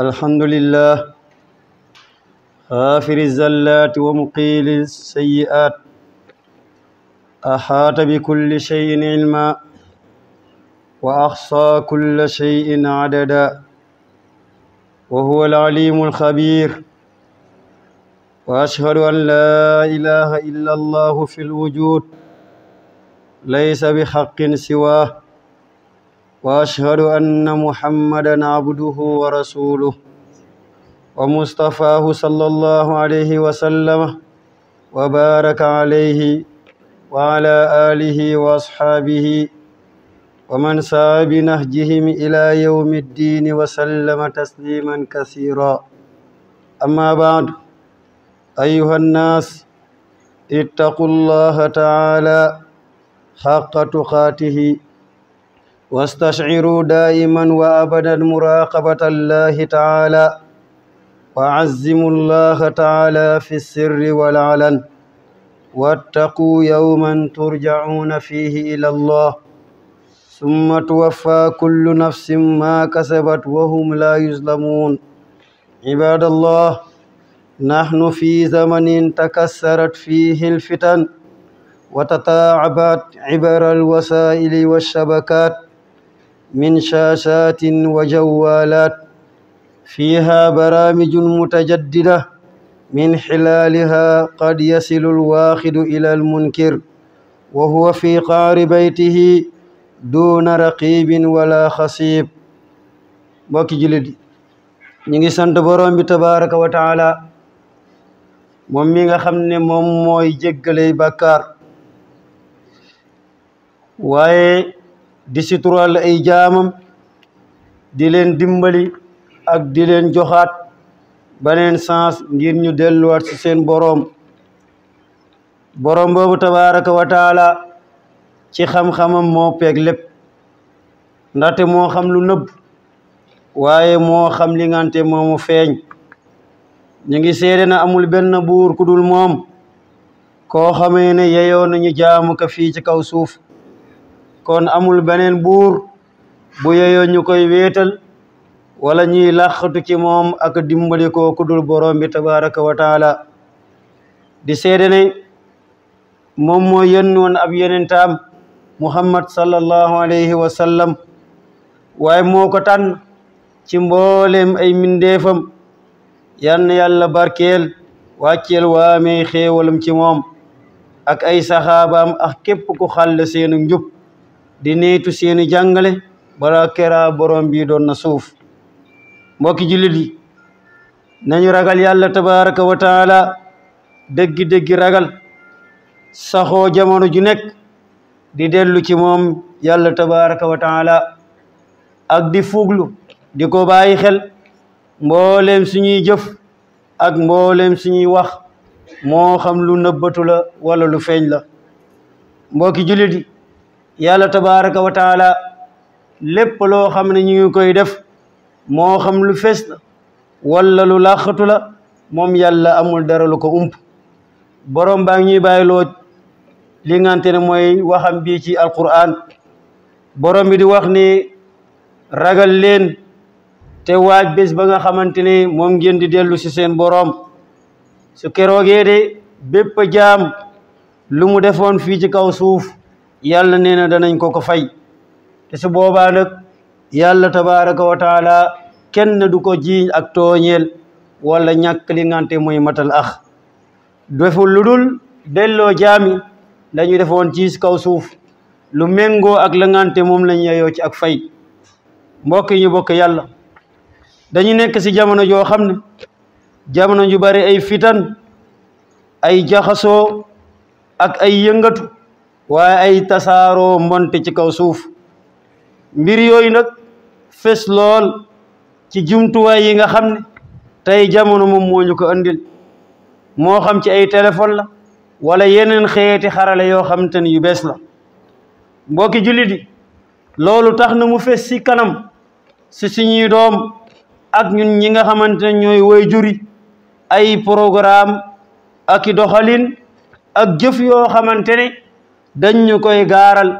الحمد لله غافر الزلات ومقيل السيئات أحاط بكل شيء علما وأحصى كل شيء عددا وهو العليم الخبير وأشهد أن لا إله إلا الله في الوجود ليس بحق سواه واشهد ان محمدا عبده ورسوله ومصطفاه صلى الله عليه وسلم وبارك عليه وعلى اله واصحابه ومن سعى بنهجهم الى يوم الدين وسلم تسليما كثيرا اما بعد ايها الناس اتقوا الله تعالى حق تقاته واستشعروا دائما وابدا مراقبه الله تعالى وعزموا الله تعالى في السر والعلن واتقوا يوما ترجعون فيه الى الله ثم توفى كل نفس ما كسبت وهم لا يظلمون عباد الله نحن في زمن تكسرت فيه الفتن وتتاعبت عبر الوسائل والشبكات من شاشات وجوالات فيها برامج متجددة من حلالها قد يصل الواخد إلى المنكر وهو في قعر بيته دون رقيب ولا خصيب mbokki jullit ñi ngi sant borom bi tabaraka wa taala moom mi nga xam ne moom mooy jéggaley bàkkaar waaye di suturaal ay jaamam di leen dimbali ak di leen joxaat beneen sens ngir ñu delluwaat ci seen boroom boroom boobu tabaraka wa taala ci xam-xamam moo peeg lépp ndaxte moo xam lu nëbb waaye moo xam li ngante moomu feeñ ñu ngi seede na amul benn buur ku dul moom koo xamee ne yeyoo nañu jaamu ka fii ci kaw suuf kon amul beneen buur bu yeyoo ñu koy wéetal wala ñuy làqatu ci moom ak dimbali ko ku dul borom bi tabaraka wa taala di seede ne moom moo yónni woon ab yonentam muhammad sallallahu alayhi wa sallam waaye moo ko tànn ci mboolem ay mindeefam yan yàlla barkeel wàcceel waamee xéewalam ci moom ak ay saxaabaam ak képp ku xàll seenu njub di neytu seeni jàngale bala kera borom bi doon na suuf mbokki jullit di nañu ragal yàlla tabaraka wa taala dëggi-dëggi ragal saxoo jamono ju nekk di dellu ci moom yàlla tabaraka wa taala ak di fuglu di ko bàyyi xel mbooleem suñuy jëf ak mbooleem suñuy wax moo xam lu nëbbatu la wala lu feeñ la mbokki jullit yi yàlla tabaraka wa taala lépp loo xam ne ñu ngi koy def moo xam lu fees la wala lu làqatu la moom yàlla amul dara lu ko ump borom baa ngi ñuy bàyyiloo li ngante ne mooy waxam bii ci alquran boroom bi di wax ni ragal leen te waaj bés ba nga xamante ne moom ngeen di dellu si seen borom su keroogee de bépp jaam lu mu defoon fii ci kaw suuf yàlla nee na danañ ko ko fay te su boobaa nag yàlla tabaraka wa taala kenn du ko jiiñ ak tooñeel walla ñàkk li ngante mooy matal ax deful lu dul delloo jaami dañu defoon ci kaw suuf lu méngoo ak la ngante moom lañ yeyoo ci ak fay mbokk yi ñu bokk yàlla dañu nekk ci jamono joo xam ne jamono ju bari ay fitan ay jaxasoo ak ay yëngatu waaye ay tasaaroo mbonte ci kaw suuf mbir yooyu nag fes lool ci jumtuwaay yi nga xam ne tey jamono moom moo ko andil moo xam ci ay téléphone la wala yeneen xeeti xarale yoo xam te ni yu bees la mbokki jullit yi loolu tax na mu fes si kanam si suñuy doom ak ñun ñi nga xamante ne ñooy way juri ay programme ak doxalin ak jëf yoo xamante dañ ñu koy gaaral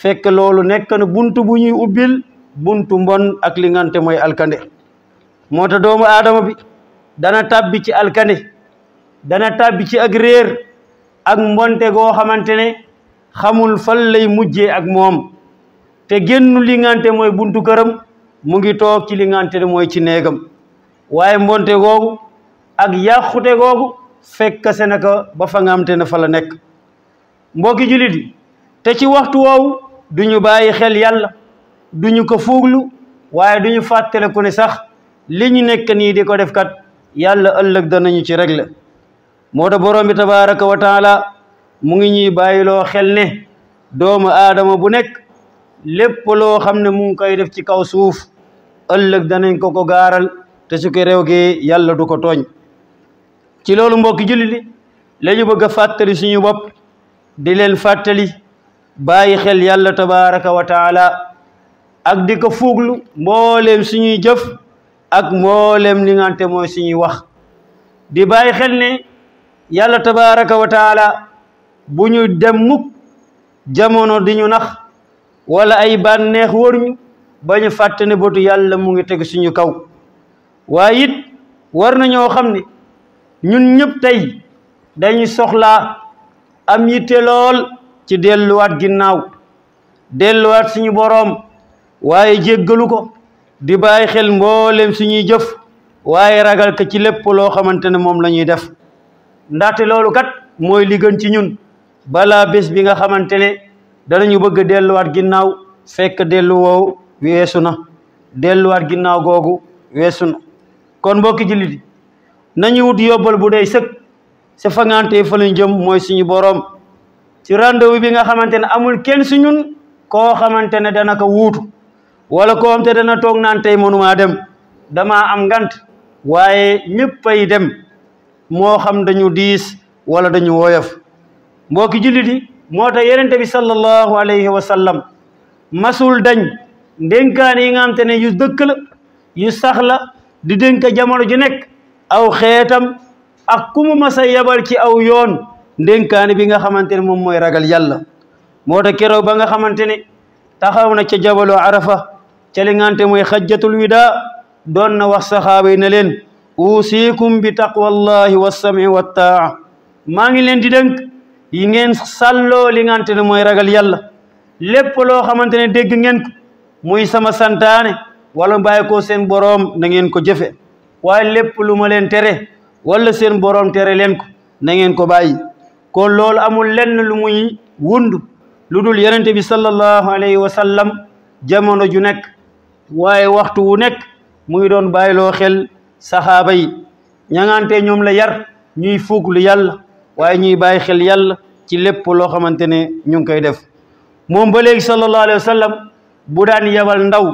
fekk loolu nekk na bunt bu ñuy ubbil buntu mbon ak lingante mooy alkande moo tax doomu aadama bi dana tabbi ci alkande dana tabbi ci ak réer ak mbonte goo xamante ne xamul fan lay mujjee ak moom te génnu lingante ngante mooy buntu këram mu ngi toog ci li ngante mooy ci néegam waaye mbonte googu ak yàqute googu fekk se na ba fa ne na fa la nekk mbokki jullit yi te ci waxtu woowu du ñu bàyyi xel yàlla du ñu ko fuuglu waaye du ñu fàttale ne sax li ñu nekk nii di ko def kat yàlla ëllëg danañu ci regle moo tax borom bi tabaraka wa mu ngi ñuy bàyyiloo xel ne doomu aadama bu nekk lépp loo xam ne mu ngi koy def ci kaw suuf ëllëg danañ ko ko gaaral te su ko réew gi yàlla du ko tooñ ci loolu mbokki jullit li la ñu bëgg a fàttali suñu bopp di leen fàttali bàyyi xel yàlla tabaraka ak di ko fuuglu mbooleem suñuy jëf ak mbooleem li ngante mooy suñuy wax di bàyyi xel ne yàlla tabaraka wa bu ñu dem mukk jamono di ñu nax wala ay bànneex wërñu ba ñu fàtte ne yàlla mu ngi teg suñu kaw waaye it war na ñoo xam ne ñun ñëpp tey dañuy soxlaa am yitte lool ci delluwaat ginnaaw delluwaat suñu boroom waaye jéggalu ko di bàyyi xel mboolem suñuy jëf waaye ragal ko ci lépp loo xamante ne moom la ñuy def ndaxte loolu kat mooy li gën ci ñun balaa bés bi nga xamante ne danañu bëgg delluwaat ginnaaw fekk dellu weesu na delluwaat ginnaaw googu weesu na kon mbokki jullit nañu wut yóbbal bu dey sëkk sa fangante fa lañ jëm mooy suñu boroom ci rendez bi nga xamante ne amul kenn si ñun koo xamante ne dana ko wuutu wala koo dana toog naan tey mënumaa dem damaa am ngant waaye ñëppay dem moo xam dañu diis wala dañu woyof mbokki jullit yi moo tax yonent bi sallallahu alayhi wa sallam masul dañ ndénkaan yi nga xamante ne yu dëkk la yu sax la di dénk jamono ju nekk aw xeetam ak ku mu mas a ci aw yoon ndénkaane bi nga xamante ne moom mooy ragal yàlla moo tax keroog ba nga xamante ne taxaw na ca jabalu arafa ca li ngante mooy xajjatul wida doon na wax leen yi ne leen taq bi wa wassami wattaa maa ngi leen di dénk yi ngeen sàlloo li ngante ne mooy ragal yàlla lépp xamante ne dégg ngeen ko muy sama santaane wala bàyyi ko seen boroom na ngeen ko jëfe waaye lépp lu leen tere wala seen boroom tere leen ko na ngeen ko bàyyi kon loolu amul lenn lu muy wund lu dul yonente bi sallallahu alayhi wa sallam jamono ju nekk waaye waxtu wu nekk muy doon bàyyi loo xel saxaaba yi ñangante ñoom la yar ñuy fuuglu yàlla waaye ñuy bàyyi xel yàlla ci lépp loo xamante ne ñu ngi koy def moom ba léegi sallallahu alayhi wa bu daan yabal ndaw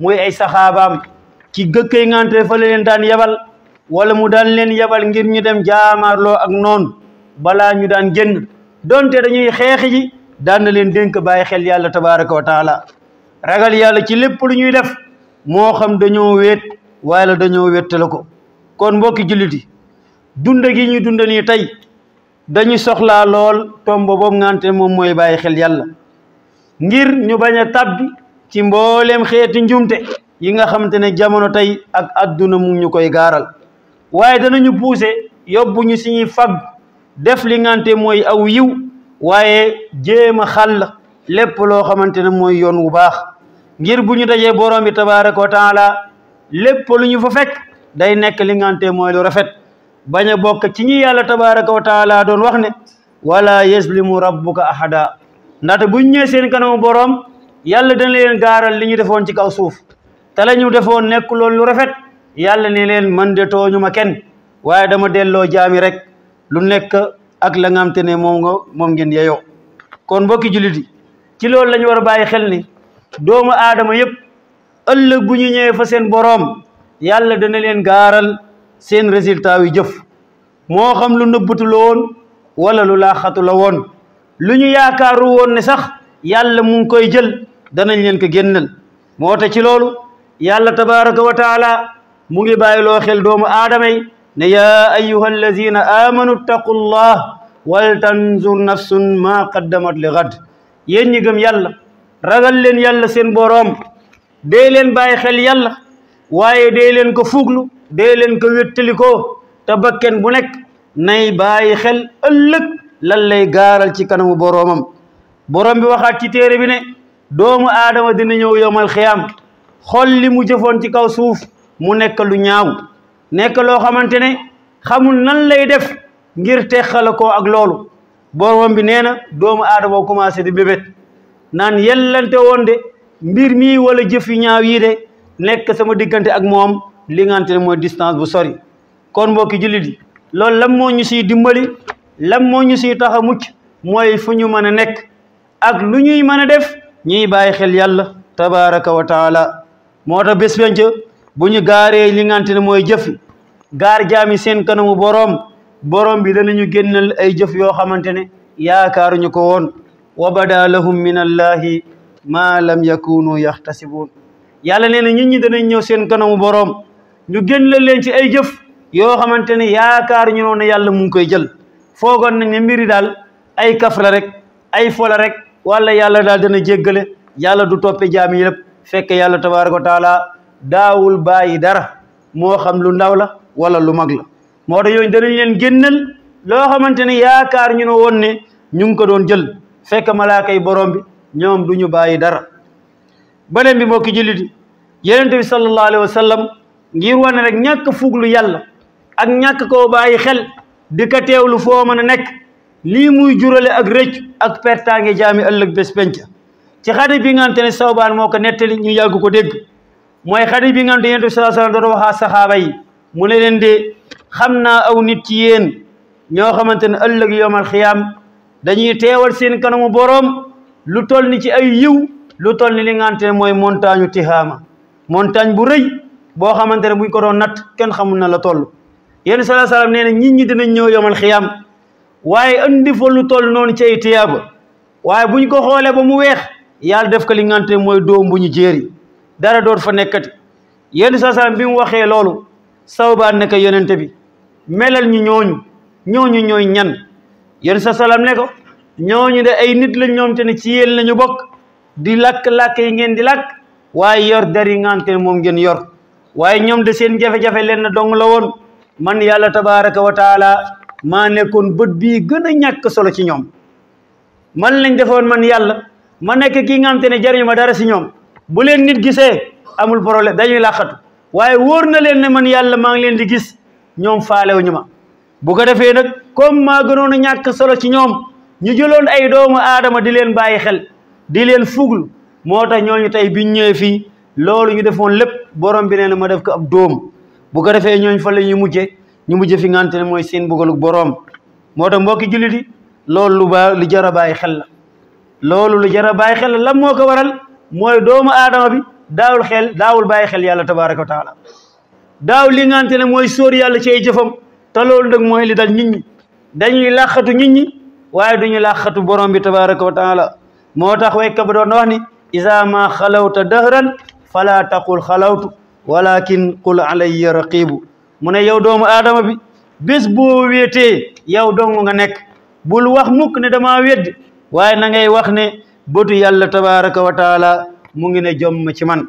muy ay saxaabaam ci gëkkay ngante fa leen daan yabal wala mu daan leen yabal ngir ñu dem jaamaarloo ak noonu balaa ñu daan jënd donte dañuy xeexi ji daan leen dénk bàyyi xel yàlla tabaraka wa taala ragal yàlla ci lépp lu ñuy def moo xam dañoo wéet waaye dañoo wéttale ko kon mbokki julliti dunda gi ñu dunda nii tey dañuy soxlaa lool tomb boobu ngante moom mooy bàyyi xel yàlla ngir ñu bañ a tàbbi ci mbooleem xeeti njumte yi nga xamante ne jamono tey ak adduna mu ñu koy gaaral waaye ñu puuse yóbbu ñu suñuy fag def li ngante mooy aw yiw waaye jéem a xàll lépp loo xamante ne mooy yoon wu baax ngir bu ñu dajee borom bi tabaraka la taala lépp lu ñu fa fekk day nekk li ngante mooy lu rafet bañ a bokk ci ñi yàlla tabaraka wa taala doon wax ne wala yaslimu rabbuka ahada ndaxte bu ñëwee seen kanamu boroom yàlla dana leen gaaral li ñu defoon ci kaw suuf te ñu defoon nekk loolu lu rafet yàlla ne leen man de tooñu ma kenn waaye dama delloo jaami rek lu nekk ak la nga te ne moom nga moom ngeen yeyoo kon mbokki jullit yi ci loolu la war a bàyyi xel ni doomu aadama yëpp ëllëg ñu ñëwee fa seen boroom yàlla dana leen gaaral seen résultat yu jëf moo xam lu nëbbatu la woon wala lu laaxatu la woon lu ñu yaakaaru woon ne sax yàlla mu ngi koy jël danañ leen ko génnal moo tax ci loolu yàlla tabaraka wa taala mu ngi bàyyiloo xel doomu aadama yi ne yaa ayyuha allazina amanu taqullah wal tanzur nafsun maa qaddamat le gad yéen ñi gëm yàlla ragal leen yalla seen boroom dee leen bàyyi xel yàlla waaye dee leen ko fuglu dee leen ko wéttalikoo te bakken bu nekk nay bàyyi xel ëllëg lan lay gaaral ci kanamu boroomam boroom bi waxaat ci téere bi ne doomu aadama dina ñëw yowmal xiyaam xol li mu jëfoon ci kaw suuf mu nekk lu ñaaw nekk loo xamante ne xamul nan lay def ngir teqala koo ak loolu borom bi nee na doomu aadama commencé di bébét naan yellante woon de mbir mii wala jëf yu yii de nekk sama diggante ak moom li mooy distance bu sori kon mbokki jullit yi loolu lan moo ñu siy dimbali lan moo ñu siy tax a mucc mooy fu ñu mën a nekk ak lu ñuy mën a def ñuy bàyyi xel yàlla tabaraka moo tax bés bu ñu gaaree li ngante ne mooy jëf gaar jaami seen kanamu boroom boroom bi danañu génnal ay jëf yoo xamante ne yaakaaruñu ko woon wa bada lahum min allahi ma lam yakunu yaxtasibuun yàlla nee na ñit ñi danañ ñëw seen kanamu boroom ñu génnal leen ci ay jëf yoo xamante ne yaakaaruñu noon ne yàlla mu ngi koy jël foogoon nañ ne mbiri daal ay kaf rek ay fola rek wala yàlla daal dana jéggale yàlla du toppe jaami yëpp fekk yàlla tabaaraka wa taala daawul bàyyi dara moo xam lu ndaw la wala lu mag la moo tax yooyu danañ leen génnal loo xamante ne yaakaar ñu ne woon ne ñu ngi ko doon jël fekk malaaka yi borom bi ñoom du ñu bàyyi dara beneen bi moo ki jullit yi yenente bi sallallahu alayhi sallam ngir wane rek ñàkk fuglu yàlla ak ñàkk koo bàyyi xel di ka teewlu foo mën a nekk lii muy jurale ak rëcc ak pertaange jaami ëllëg bés penc ci xadis bi nga xamante ne sawbaan moo ko nettali ñu yàgg ko dégg mooy xadis bi nga xam ne yonent bi sallallahu alayhi wasallam waxaa saxaaba yi mu ne leen de xam naa aw nit ci yéen ñoo xamante ne ëllëg yowmal xiyaam dañuy teewal seen kanamu borom lu toll ni ci ay yiw lu toll ni li nga ne mooy montagne u Tihaama montagne bu rëy boo xamante ne buñ ko doon natt kenn xamul na la toll yéen sallallahu alayhi wasallam nee na ñi dinañ ñëw yowmal xiyaam waaye andi fa lu toll noonu ci ay tiyaaba waaye buñ ko xoolee ba mu weex yàlla def ko li nga mooy doom bu ñu jéeri dara doot fa nekkati yenn saasaam bi mu waxee loolu sawbaan ne ko yonent bi melal ñu ñooñu ñooñu ñooy ñan yenn saasaam ne ko ñooñu de ay nit la ñoom te ne ci yéen la bokk di lakk-lakk yi ngeen di lakk waaye yor dari ngante ne moom ngeen yor waaye ñoom de seen jafe-jafe leen dong la woon man yàlla tabaraka wa maa nekkoon bët bii gën a ñàkk solo ci ñoom man lañ defoon man yàlla ma nekk kii ngante ne jariñ ma dara si ñoom bu leen nit gisee amul problème dañuy làqatu waaye wóor na leen ne man yàlla maa ngi leen di gis ñoom faalewuñu ma bu ko defee nag comme maa gënoon a ñàkk solo ci ñoom ñu jëloon ay doomu aadama di leen bàyyi xel di leen fuglu moo tax ñooñu tey biñ ñëwee fii loolu ñu defoon lépp borom bi nee na ma def ko ab dóom bu ko defee ñooñ fa la ñuy mujje ñu mujje fi ngante ne mooy seen bugalug boroom moo tax mbokki jullit yi loolu lu ba lu jar a bàyyi xel la loolu lu jar mooy doomu aadama bi daawul xel daawul bàyyi xel yàlla tabaaraka wa taala daaw li ngante ne mooy soor yàlla ci ay jëfam te loolu nag mooy li dal nit ñi dañuy làqatu nit ñi waaye duñu laxatu borom bi tabaaraka wa taala moo tax waykat ba doon na wax ni isa ma xalawta dahran fala taqul xalawtu walakin qul alayya raqibu mu ne yow doomu aadama bi bés boo wéetee yow dong nga nekk bul wax mukk ne damaa wedd waaye na wax ne bëtu yàlla tabaraka wa mu ngi ne jomm ci man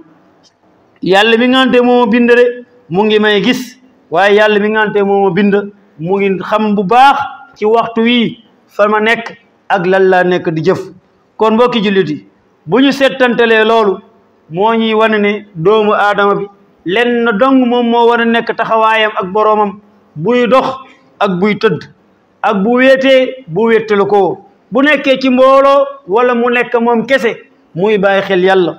yàlla mi ngante moo ma bind mu ngi may gis waaye yàlla mi ngante moo ma bind mu ngi xam bu baax ci waxtu wii fa ma nekk ak lan laa nekk di jëf kon mbokki jullit yi bu ñu settantelee loolu moo ñuy wane ne doomu aadama bi lenn dong moom moo wan a nekk taxawaayam ak boroomam buy dox ak buy tëdd ak bu wéetee bu wéttalu ko bu nekkee ci mbooloo wala mu nekk moom kese muy bàyyi xel yàlla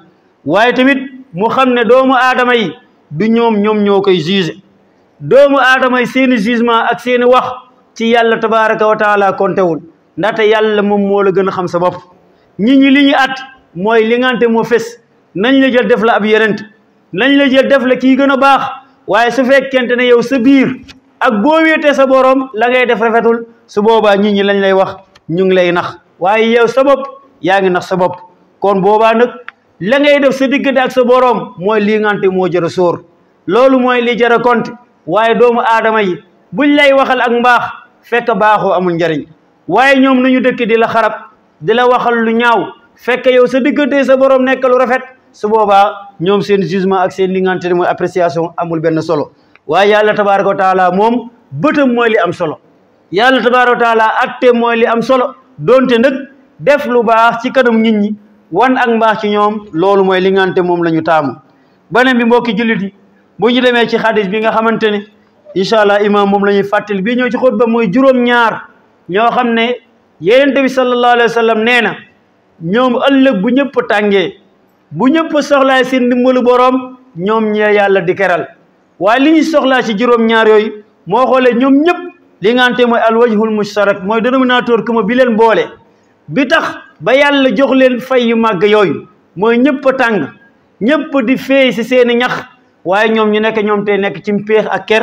waaye tamit mu xam ne doomu aadama yi du ñoom ñoom ñoo koy jugé doomu aadama yi seeni jugement ak seeni wax ci yàlla tabaraka wa taala kontewul ndaxte yàlla moom moo la gën a xam sa bopp ñi ñi li at mooy li ngante moo fes nañ la jël def la ab yenent nañ la jël def la kii gën a baax waaye su fekkent ne yow sa biir ak boo wéetee sa borom la ngay def rafetul su boobaa ñi ñi lañ lay wax ñu ngi lay nax waaye yow sa bopp yaa ngi nax sa bopp kon boobaa nag la ngay def sa diggante ak sa boroom mooy lii ngante moo jar a sóor loolu mooy li jar a compte waaye doomu aadama yi buñ lay waxal ak mbaax fekk baaxoo amul njariñ waaye ñoom nu ñu dëkk di la xarab di la waxal lu ñaaw fekk yow sa diggante sa boroom nekk lu rafet su boobaa ñoom seen jugement ak seen li ngante mooy appréciation amul benn solo waaye yàlla tabaaraka wa moom bëtam mooy li am solo yàlla tabaaraka wa taala atte mooy li am solo donte nag def lu baax ci kanam nit ñi wan ak mbaax ci ñoom loolu mooy li ngante moom la ñu taamu beneen bi mbokki jullit yi bu ñu demee ci xadis bi nga xamante ni incha allah imaam moom la ñuy fàttali bii ñëw ci xutba mooy juróom-ñaar ñoo xam ne yonent bi sallallahu alayhi wa nee na ñoom ëllëg bu ñëpp tàngee bu ñëpp soxlaa seen ndimbalu boroom ñoom ñee yàlla di keral waaye li ñuy soxlaa ci juróom-ñaar yooyu moo xoolee ñoom ñëpp li nga xamante mooy alwajhul mushtarak mooy dénominateur commun bi leen boole bi tax ba yàlla jox leen fay yu màgg yooyu mooy ñëpp tàng ñëpp di feey si seeni ñax waaye ñoom ñu nekk ñoom tey nekk cim mpéex ak ker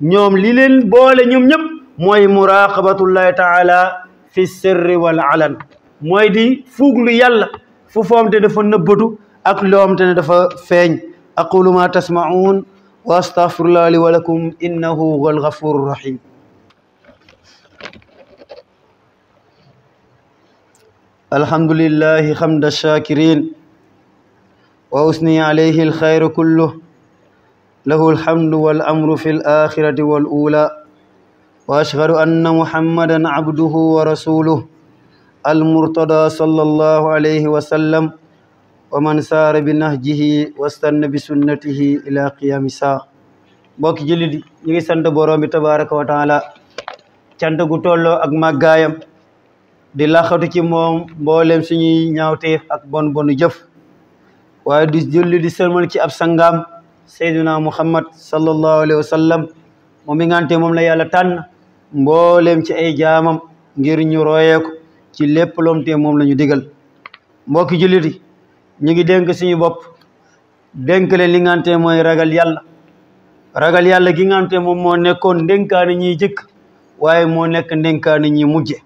ñoom li leen boole ñoom ñëpp mooy muraqabatullahi taala fi sirri wal alan mooy di fuuglu yàlla fu foom te dafa nëbbatu ak loom te ne dafa feeñ aqulu ma tasma'un wa astaghfirullah li wa lakum innahu huwal ghafurur rahim alhamdulillahi hamda shakirin wa usni alayhi alxayru kulluh lahu alhamdu wal amru fi alaxirati wal ula wa ashhadu anna muhammadan abduhu wa rasuluh almurtada sallallahu alayhi wa sallam wa man saara bi nahjihi wastanna bi sunnatihi ila qiyami saa mbokki jullit ñu ngi sant borom bi tabaraka wa taala cant gu tolloo ak màggaayam di laxatu ci moom mboolem suñuy ñaawteef ak bon bonu jëf waaye di julli di sëlmal ci ab sangam sayduna muhammad sallallahu alayhi wa sallam moom mi ngante moom la yàlla tànn mboolem ci ay jaamam ngir ñu royee ci lépp lomte moom la ñu digal mbokki jullit yi ñu ngi dénk suñu bopp dénk leen li ngante mooy ragal yàlla ragal yàlla gi ngante moom moo nekkoon ndénkaane ñiy jëkk waaye moo nekk ndénkaane ñi mujje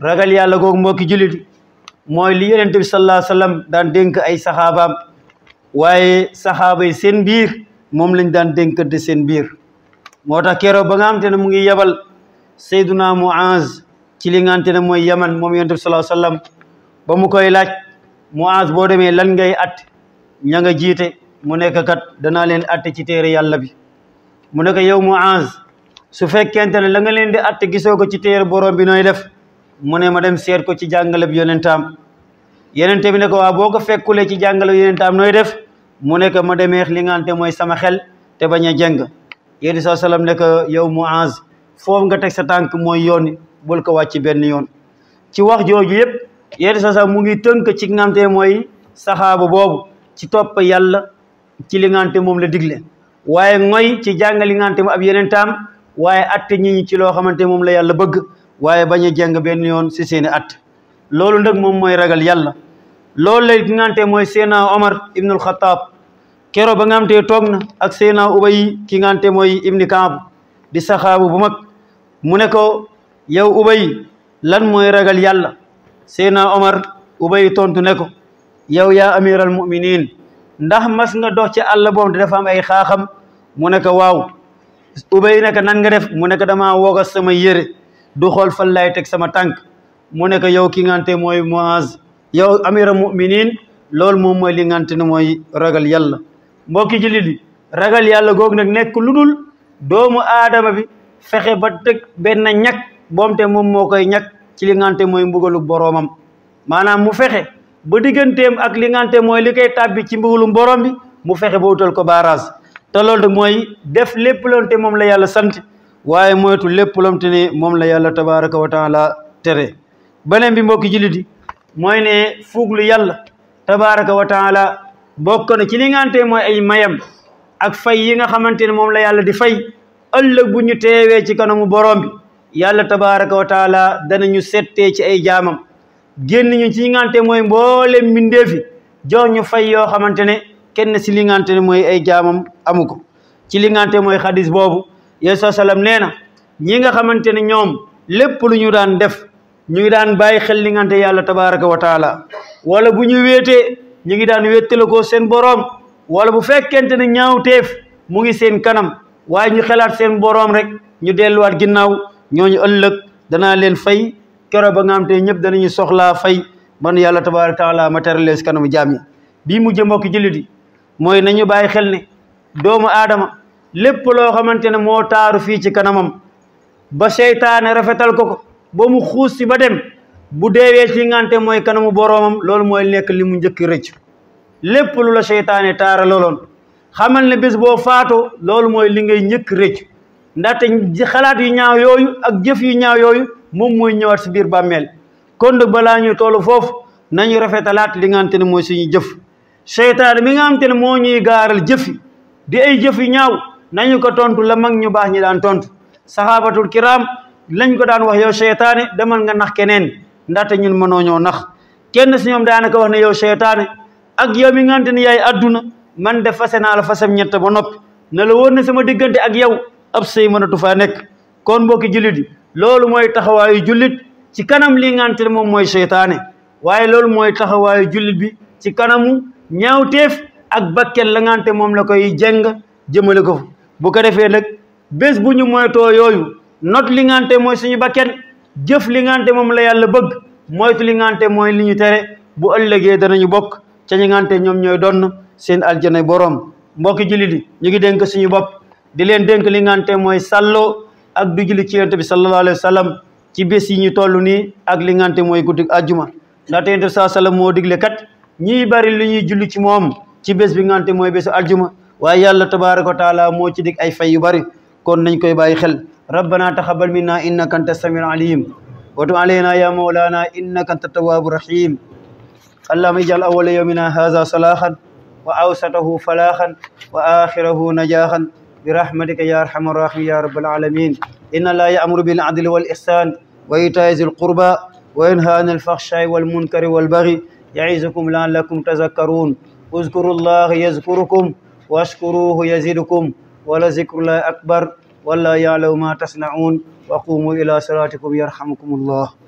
ragal yàlla googu mbokki jullit mooy li yonent bi sallallahu alayhi wa sallam daan dénk ay saxaabaam waaye saxaabay seen biir moom lañ daan dénkante seen biir moo tax keroog ba nga xamante ne mu ngi yebal Seyduna Muaz ci li nga xamante ne mooy Yaman moom yonent bi sallallahu alayhi ba mu koy laaj mu Muaz boo demee lan ngay at ña nga jiite mu nekk kat danaa leen atte ci téere yàlla bi mu nekk yow Muaz su fekkente ne la nga leen di atte gisoo ko ci téere borom bi nooy def mu ne ma dem seet ko ci jàngaleb yonentaam yonente bi ne ko waa boo ko fekkulee ci jàngaleb yonentaam nooy def mu nekk ma demee li nga mooy sama xel te bañ a jëng yéen saa salaam ne ko yow Muaz foofu nga teg sa tànk mooy yoon bul ko wàcc benn yoon ci wax jooju yëpp yéen saa salaam mu ngi tënk ci nga mooy saxaaba boobu ci topp yàlla ci li nga xamante moom la digle waaye mooy ci jàngal li nga xamante ab yeneen taam waaye atte ñi ci loo xamante moom la yàlla bëgg waaye bañ a jàng benn yoon si seeni at loolu nag moom mooy ragal yàlla loolu lay ngante mooy seena omar ibnul xataab kero ba nga xamante toog na ak seena ubay ki ngante mooy ibni kaab di saxaabu bu mag mu ne ko yow ubay lan mooy ragal yàlla seena omar ubay tontu ne ko yow yaa amiral muminin ndax mas nga dox ci àll boobu dafa am ay xaaxam mu ne ko waaw ubay ne ko nan nga def mu nekk dama wogas sama yére du xool fan laay teg sama tànk mu ne ko yow ki ngante mooy Muaz yow amira muminin loolu moom mooy li ngante ne mooy ragal yàlla mbokki jullit li ragal yàlla googu nag nekk lu dul doomu aadama bi fexe ba teg benn ñag boom te moom moo koy ñag ci li ngante mooy mbugalu boroomam maanaam mu fexe ba digganteem ak li ngante mooy li koy tàbbi ci mbugalu borom bi mu fexe ba wutal ko baaraas te loolu nag mooy def lépp loonte moom la yàlla sant waaye moytu lépp lom te ne moom la yàlla tabaraka wa taala tere beneen bi mbokki jullit yi mooy ne fuuglu yàlla tabaraka wa bokk na ci li mooy ay mayam ak fay yi nga xamante ne moom la yàlla di fay ëllëg bu ñu teewee ci kanamu borom bi yàlla tabaraka wa taala danañu settee ci ay jaamam génn ñu ci li mooy mboolem mbindeefi jox ñu fay yoo xamante ne kenn si li nga mooy ay jaamam amu ko ci mooy xadis boobu Yeesu salaam nee na ñi nga xamante ne ñoom lépp lu ñu daan def ñu ngi daan bàyyi xel li ngante yàlla tabaraka wa taala wala bu ñu wéetee ñu ngi daan wéttale ko seen boroom wala bu fekkente ne ñaawteef mu ngi seen kanam waaye ñu xelaat seen boroom rek ñu delluwaat ginnaaw ñooñu ëllëg danaa leen fay keroog ba nga xam te ñëpp danañu soxlaa fay man yàlla tabaraka taala ma teral leen si kanamu jaam yi bii mujj mbokki jullit yi mooy nañu bàyyi xel ne doomu aadama lépp loo xamante ne moo taaru fii ci kanamam ba seytaane rafetal ko ko ba mu xuus si ba dem bu deewee ci ngante mooy kanamu boroomam loolu mooy nekk li mu njëkk rëcc lépp lu la seytaane taara looloon xamal ne bés boo faatoo loolu mooy li ngay njëkk rëcc ndaxte xalaat yu ñaaw yooyu ak jëf yu ñaaw yooyu moom mooy ñëwaat si biir bàmmeel kon nag balaa ñu toll foofu nañu rafetalaat li nga xamante ne mooy suñu jëf seytaane mi nga xamante ne moo ñuy gaaral jëf yi di ay jëf yu ñaaw nañu ko tontu la mag ñu baax ñi daan tontu saxaabatul kiram lañ ko daan wax yow seytaane demal nga nax keneen ndaxte ñun mënoo ñoo nax kenn si ñoom daanaka wax na yow seytaane ak yow mi ngante xamante ni yaay adduna man de fase naa la fasam ñett ba nopp na la woon na sama diggante ak yow ab sëy mënatu faa nekk kon mbokki jullit yi loolu mooy taxawaayu jullit ci kanam li nga ne moom mooy seytaane waaye loolu mooy taxawaayu jullit bi ci kanamu ñaawteef ak bakkel la nga moom la koy jeng jëmale ko bu ko defee nag bés bu ñu moytoo yooyu not li ngante mooy suñu bakken jëf li ngante moom la yàlla bëgg moytu li ngante mooy li ñu tere bu ëllëgee ñu bokk ca ñi ngante ñoom ñooy donn seen aljana boroom mbokki jullit yi ñu ngi dénk suñu bopp di leen dénk li ngante mooy sàlloo ak du julli ci yonent bi sallallahu alayhi wa sallam ci bés yi ñu toll nii ak li ngante mooy guddi àjjuma ndaxte yonent bi sallallahu alayhi wa sallam moo digle kat ñii bari li ñuy julli ci moom ci bés bi ngante mooy bésu aljuma waaye yàlla tabaaraka wa taala moo ci dig ay fay yu bari kon nañ koy bàyyi xel rabbana taxabal minna innaka anta samiul alim wa tub alayna ya mawlana innaka anta tawaabu rahim allahuma ijal awala yawmina haza salahan wa awsatahu falahan wa axirahu najahan برحمتك يا ارحم الراحمين يا رب العالمين ان الله يامر بالعدل والاحسان وايتاء ذي القربى وينهى عن الفحشاء والمنكر والبغي يعظكم لعلكم تذكرون اذكروا الله يذكركم واشكروه يزدكم ولذكر الله أكبر والله يعلم ما تصنعون وقوموا إلى صلاتكم يرحمكم الله